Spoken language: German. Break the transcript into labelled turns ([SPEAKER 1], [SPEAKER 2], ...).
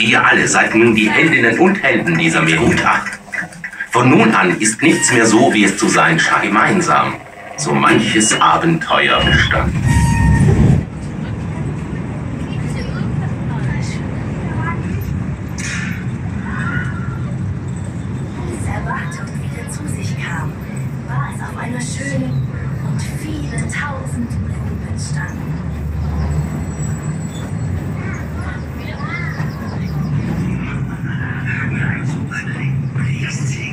[SPEAKER 1] Ihr alle seid nun die Heldinnen und Helden dieser Meruta. Von nun an ist nichts mehr so, wie es zu sein scheint. Gemeinsam so manches Abenteuer bestanden.
[SPEAKER 2] Als erwartet wieder zu sich kam, war es auf einer schönen, Please.